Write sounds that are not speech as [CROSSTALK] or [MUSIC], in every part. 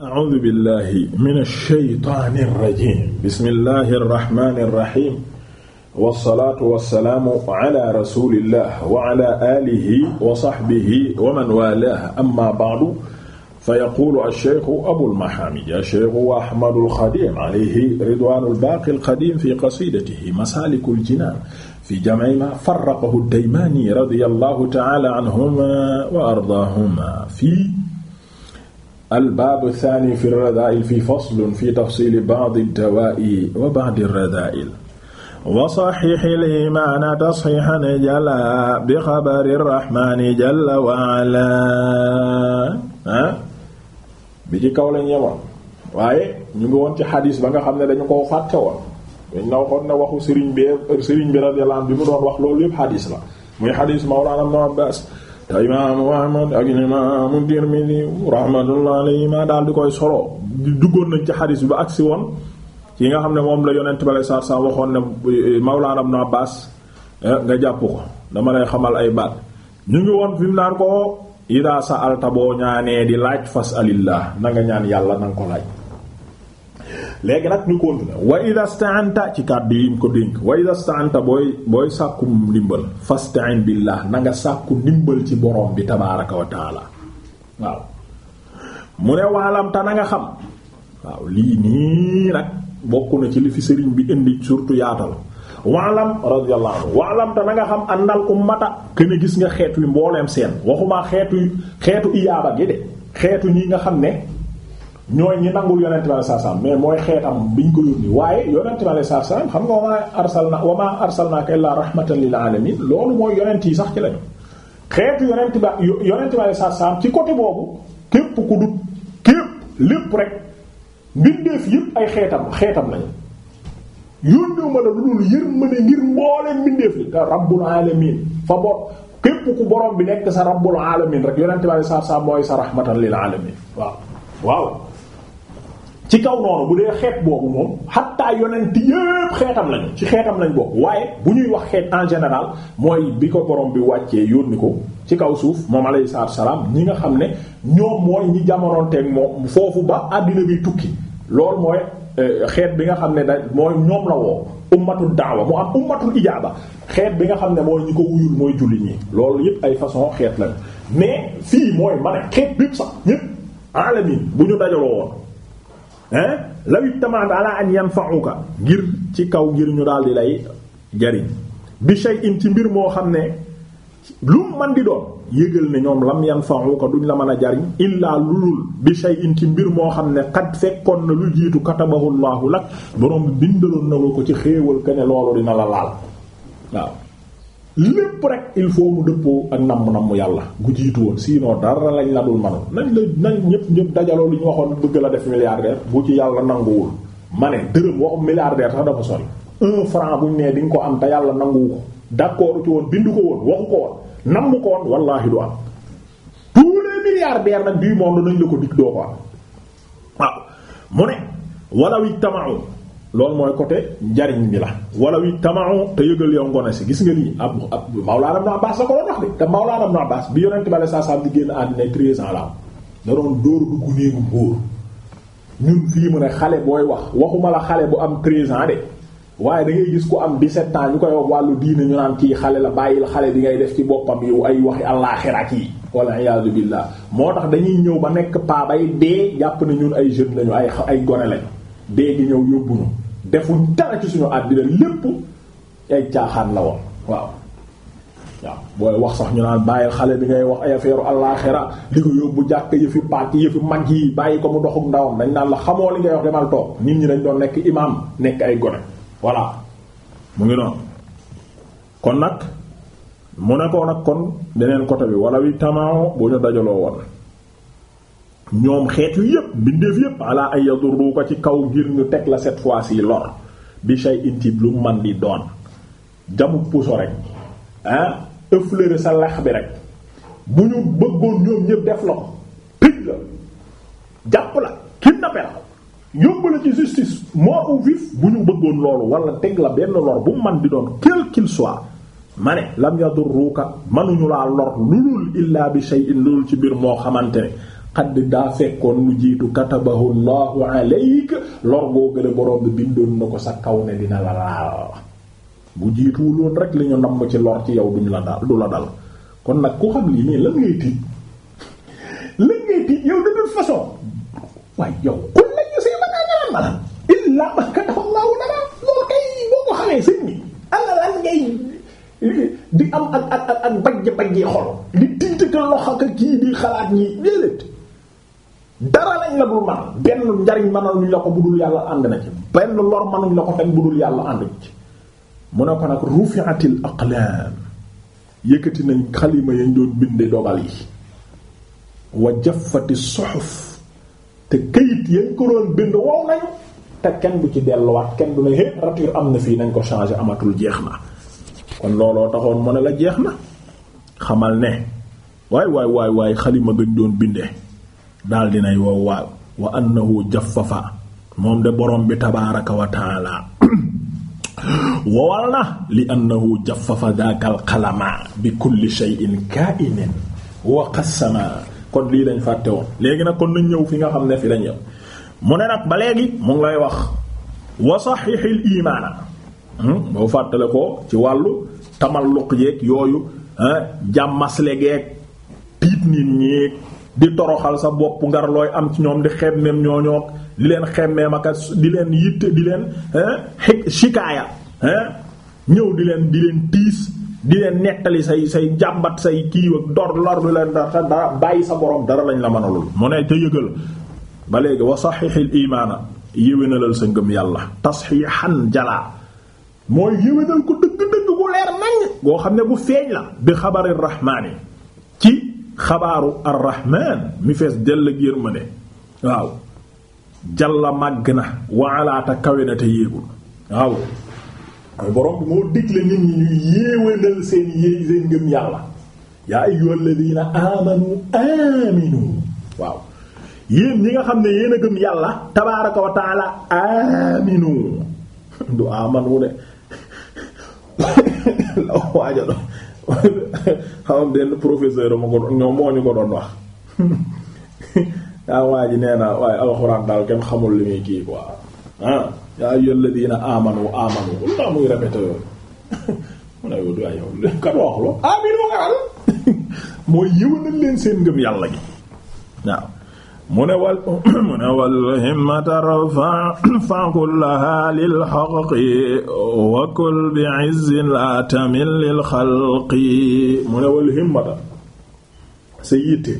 a'uuzu billahi mina shaytaani rajiim bismillahi rahmaani rahiim wasalaatu wasalaamu ala rasulillah wa ala alihi wa sahbihi wa man waalaahu amma ba'du fa yaquulu ash-shaykhu abul mahaamid ash-shaykhu ahmadul xadiim alayhi ridwaanul baaqil qadiim fi qasiidatihi masaalikul jinaan fi jamci maa farraqahu ad-daymaani radiyallahu ta'aala anhumaa wa ardaahumaa fi albaabu thani fi radaa'il fi faslun fi tafsiili ba'di dawaa'i wa ba'di radaa'il wa saxixil imaana tasxiixan jala bi xabari rahmaani jalla wa ala ah bi ci kaw lañ yemoon waaye ñu ngi woon ci xadiis ba nga xam ne dañu koo fàtte woon dañ la waxoon ne waxu sëriñ bi sëriñ bi radiyallahu anhu bi wax loolu yëpp xadiis la muy xadiis Mawlaana Ibn Abbaas imaamu Ahmad ak imaamu Tirmidi rahmatullahi alayhima daal di koy solo duggoon nañ ci xadis bi ba agsi woon yi nga xam ne moom la yonent bale saa saa waxoon ne Mawlaana Ibn Abbaas eh, nga jàpp ko dama lay xamal ay baat ñu ngi woon fi mu naan ko idaa sa'alta boo ñaanee di laaj fas na nga ñaan yàlla na ko laaj léegi rag ñu continuer wa idha sta'anta ci kàddu yi ko dénk wa idha sta'anta booy booy sàkku ndimbal fasta'in billah na nga sàkku ndimbal ci borom bi tabaaraka wa taala waaw mu ne waalam ta nga xam waaw lii nii nag bokk na ci li fi sëriñ bi indi surtout yaatal waalam radiyallahu anhu waalam nga xam àndal ummata kën a gis nga xeet wi mbooleem seen waxumaa xeetu xeetu iyaaba gi de xeetu ñi nga xam ne ñooy ñi nangul yonente bi alei satu mais mooy xeetam biñ ko yónni waaye yonente bi alei satu salaam xam nga wamaa arsalna wamaa arsalnaaka illaa rahmatan lil alamin loolu mooy yonent yi sax ci lañu xeetu yonent bi yonente bi alei satu salaam ci côté boobu képp ku dut képp lépp rek mbindeef yépp ay xeetam xeetam lañu yónnewu ma la lu dul yërmande ngir mboolem mbindeef li te rabbul alamin fa bopp képp ku borom bi nekk sa rabbul alamin rek yonente bi alei satu mooy sa rahmatan lil alamin waaw ci kaw noonu bu dee xeet boobu moom xattaa yonent yépp xeetam lañu ci xeetam lañ bokk waaye bu ñuy wax xeet en général mooy bi ko borom bi wàccee yónni ko ci kaw suuf moom alayhi salaatu salaam ñi nga xam ne ñoom mooy ñi jamonoonteeg moo foofu ba àddina bi tukki lool mooy euh, xeet bi nga xam ne da mooy ñoom la woo mu am ummatul ijaaba xeet bi nga xam ne mooy ñi ko wuyul mooy julli ñi loolu yépp ay façon xeet lañu mais fii mooy man a xeet bépp sax ñépp alamin bu ñu dajaloo woon lawit tamaat ala an yanfa'uka ngir ci kaw ngir ñu daal di lay jariñ bi shay'in ci mbir moo xam ne lu man di doon yëgal ne ñoom lam yanfa'uka duñ la mën a jariñ illaa lulul bi shay'in ci mbir moo xam ne xat fekkoon na lu jiitu katabahu llahu lak borom bi bindaloon na ko ci xéewal ke ne loolu dina la laal waaw lépp rek il faut mu dëppoo ak namm namm yàlla gu jiitu woon sinon dara lañ la dul manoon nañ la nañ ñëpp ñëpp dajaloo li ñu waxoon bëgg la def milliardaire bu ci yàlla nanguwul ma ne dërëm waxu milliardaire sax dafa sori un franc buñ nee di nga ko am te yàlla nanguwu ko d'accord ci woon bindu ko woon waxu ko woon namm ko woon wallaahi du am tous les milliardaires nag bii moom danañ la ko dig doo ko am waaw mu ne walaw ijtama'u loolu mooy côté njariñ bi la wala wi tamao te yëgal yow ngone si gis nga lii ab ab Mawlaana Ibn Abbaas la ko doon wax de te Mawlaana Ibn Abbaas bi yonent bale saa saam di génn àddina treize ans la am da doon dóor dugg néegu góor ñun fii mu ne xale booy wax waxuma la xale bu am treize ans de waaye da gis ku am bi sept ans ñu koy wax wàllu diine ñu naan kii xale la bàyyil xale bi ngay def ci boppam yow ay waxi àllaaxira yi wala iyaadu billaah moo tax dañuy ñëw ba nekk paa bay dee jàpp ne ay jeunes lañu ay ay gone lañu dee gi ñëw yóbbu ñu defu dara ci suñu àddina lépp ay caaxaan la woon waaw waaw booy wax sax ñu naan bàyyi xale bi ngay wax ay affaire àllaxira li ko yóbbu jàkk yëfi parti yëfi mag yi bàyyi ko mu doxuk ndawam dañ naan la xamoo li ngay wax demal toog nit ñi dañ doon nekk imaam nekk ay gone voilà mu ngi noonu kon nag mu ne ko nag kon beneen côté bi wala wi tamaaw bu ñu dajaloo woon ñoom xeet yu yépp bindeef yépp ala ay yadurru ko ci kaw ngir ñu teg la cette fois ci lor bi shay intib lu man di doon jamu puso rek ah ëfflëre sa lax bi rek bu ñu bëggoon ñoom ñépp def la ko picc la jàpp la kidnappé la yóbbu la ci justice mort ou vif bu ñu bëggoon loolu wala teg la benn lor bu man di doon quel qu'il soit ma ne lam yadurruka mënuñu laa lor lulul illaa bi shay'in lulul ci mbir moo xamante ne xadd daa fekkoon lu jiitu katabahu llahu alayk lor boo gële bi bindoon na ko sa kaw ne dina la bu jiituwuloon rek li ñu namm ci lor ci yow duñ ñu dal du la dal kon nag ku xam lii mais lan ngay tiit lan ngay tiit yow de toute façon waaye yow kon la ñu si mën a ñaan malam illaa ma katabahu llahu lana loolu kay boo ko xamee sëñ bi ala lan ngay di am ak ak ak bajj bajjee xol di tiit ka loxo kii di xalaat ñi déedéet dara lañ la dul man benn njariñ mënaluñ la ko budul yàlla ànd na ci benn lor mënuñ la ko tam budul yàlla ànd ci mu ne ko nag rufi'atil aqlaam yëkkati nañ xalima yañ doon binde dogal yi wa jaffati suhuf te kayit yañ ko doon bind wow nañu te kenn du ci delluwaat kenn du ne hé rature am na fii nañ ko changer amatul jeex na kon looloo taxoon mu ne la jeex na xamal ne waay waay waaye waay xalima gañ doon binde daal dinay wow waaw wa annahu jaffafa moom de borom bi tabaaraka wa taala [CLEARS THROAT] wowal na li annahu jaffafa daakal xalama bi kulli shay'in kaa'inin wa qassama kon lii dañ fàtte woon léegi nag ko nañ ñëw fi nga xam ne fi lañ ñëw mu ne nag ba léegi mu ngi lay wax wa saxixil imaana hmm? boo fàttale ko ci wàllu tamalluq yeeg yooyu eh, jàmmasle geeg tiit nit ñeeg di toroxal sa bopp ngar looy am ci ñoom di xemmeem ñooñook di leen xemmeem ak di leen yitte di leen shikaaya ñëw di leen di leen tiis di leen nettali say say jàmbat say kii dor lor du leen dara bàyyi sa boroom dara lañ la mën a lool mu te yëgal ba léegi wa saxixil imaana yéwénalal sa ngëm yàlla tasxiixan jalaa mooy yéwénal ko dëgg-dëgg bu leer nañ boo xam ne bu feeñ la bi xabari rahmaani ci xabaaru arrahman mi fees dell ak yërmande waaw jalla màgg na waalaata kawe na te yéegul waaw borom bi moo digle nit ñi ñuy yéewénal seen yéey seen ngëm yàlla yaa ayyuhal ladina amanu aminu waaw yéen ñi nga xam ne yéen a gëm yàlla tabaaraka wa aminu [LAUGHS] du amanu de law [LAUGHS] waaja doon [LAUGHS] xamam benn professeur ma ko doon moo ñu ko doon wax [LAUGHS] yaa waa nee na waaye alxuraan daal kenn xamul li muy kii quoi ah yaa ayyuhal ladina amanu amanu lu tax muy répété yoon mu ne yow waaye yow lépp kat waxuloo amin moo nga al mooy yëwanal leen seen ngëm yàlla gi waaw mu ne wal [CLEARS THROAT] mu ne wal himmata rfa [CLEARS THROAT] kullaha lil xalqi wa kul bi izzin la tamil lil xalqi mu ne wal himmata sa yitte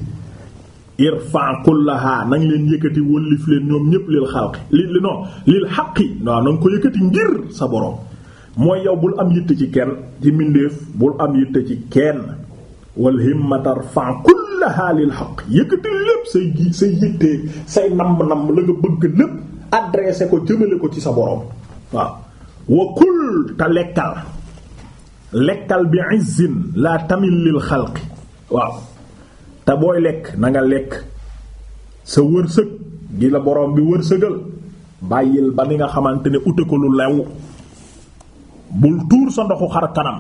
irfa kullaha nang leen yëkkati wëllif leen ñoom ñépp lil xalqi li li non lil xaqi waaw na ko yëkkati ngir sa boroom mooy yow bul am yitte ci kenn ci mbindeef bul am yitte ci kenn wal himma tarfa kullaha lil haqq yëkkati lépp say ji say yittee say namb-namb la nga bëgg lépp adressé ko jëmale ko ci sa boroom waaw wa kul te lekkal lekkal bi izzin la tamil lil xalqi waaw te booy lekk nanga lekk sa wërsëg gi la boroom bi wërsëgal bàyyil ba ni nga xamante ne ute ko lu lew bul tuur sa ndoxu xar kanam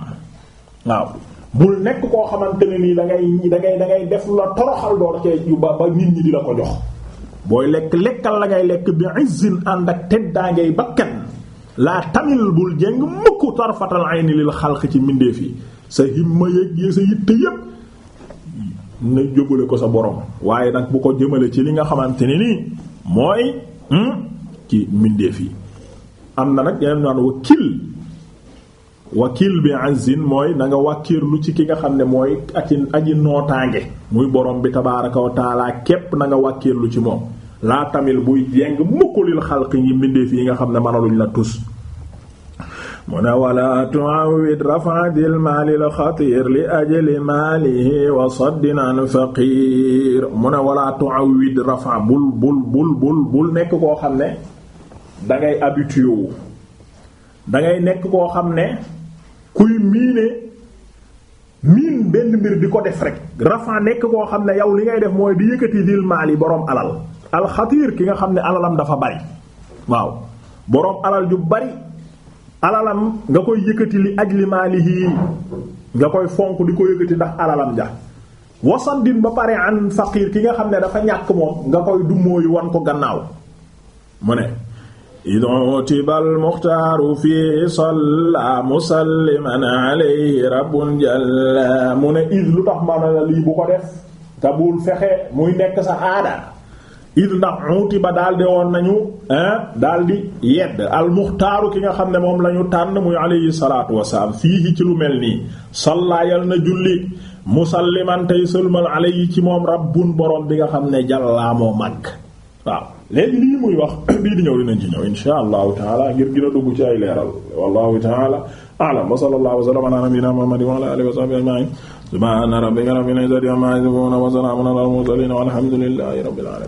waaw mu nekk koo xamante nii da ngay da da ngay def la toroxal door cee yu ba ba nit ñi di la ko jox booy lekk lekkal la ngay lekk bi izzin ànd ak teddaa ngay bakkan laa tamil bul jëng mukk tarfatal ayni lil xalq ci mbindeef yi sa ma yëg sa yitte yépp na jógale ko sa borom waaye nag bu ko jëmale ci li nga xamante ne nii mooy hmm, ci mbindeef yi am na nag yeneen naan wakil wakil bi anzin mooy na nga wàkkiirlu ci ki nga xam ne mooy aji aji nootaange muy borom bi tabaaraka wa képp nanga nga lu ci moom laa tamil buy jeng mukkulil xalqi ñi mbindeef yi nga xam ne mënaluñ la tus mu ne wala tuawid rafadil maalil xatir li ajli maalihi wa saddin an faqir mu ne wala bul bul bul bul bul nekk koo xam ne dangay habitué dangay nekk koo xam ne kuy miinee miin benn mbir di ko def rek rafa nekk koo xam ne yow li ngay def mooy di yëkkati dil maal boroom alal alxatiir ki nga xam ne alalam dafa bari waaw boroom alal ju bari alalam nga koy yëkkati li ajli maalihi nga koy fonk di ko yëkkati ndax alalam ja wasaddin ba pare an faqiir ki nga xam ne dafa ñàkk moom nga koy dummóoyu wan ko gannaaw mu ne id utiba almuxtaaru fii salla musalliman alayhi muy nekk sa aada id ndax utiba woon nañu ah, daldi yedd almuxtaaru ki nga xam ne moom la ñu tànn muy alayhi salaatu wasalaam fii ci lu mel nii salla yal na julli musalliman tey sëlmal alayhi ci moom rabbun boroom bi nga xam ne jàllaa moo màgg waaw léegi lii muy wax bii [COUGHS] di ñëw dinañ ci ñëw insha allahu taala ngir gën a dugg ci ay leeral wallahu taala a'lam wa sallallahu wa sallama ala nabiyyina muhammadin wa ala alihi wa sahbihi ajma'in subhana rabbika rabbil izzati amma yasifun wa salamun ala al mursalin walhamdulillahi rabbil alamin